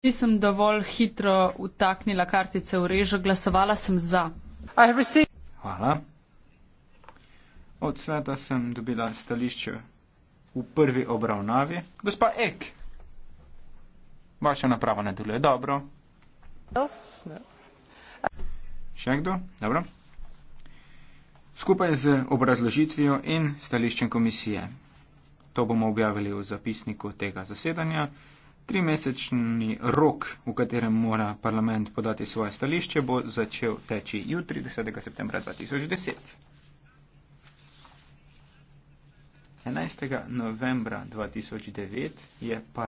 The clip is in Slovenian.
Nisem dovolj hitro utaknila kartice v režo, glasovala sem za. Hvala. Od sveta sem dobila stališče v prvi obravnavi. Gospa Ek, vaša naprava ne deluje dobro. Še kdo? Dobro. Skupaj z obrazložitvijo in stališčem komisije. To bomo objavili v zapisniku tega zasedanja. Trimesečni rok, v katerem mora parlament podati svoje stališče, bo začel teči jutri, 10. septembra 2010. 11. novembra 2009 je pa.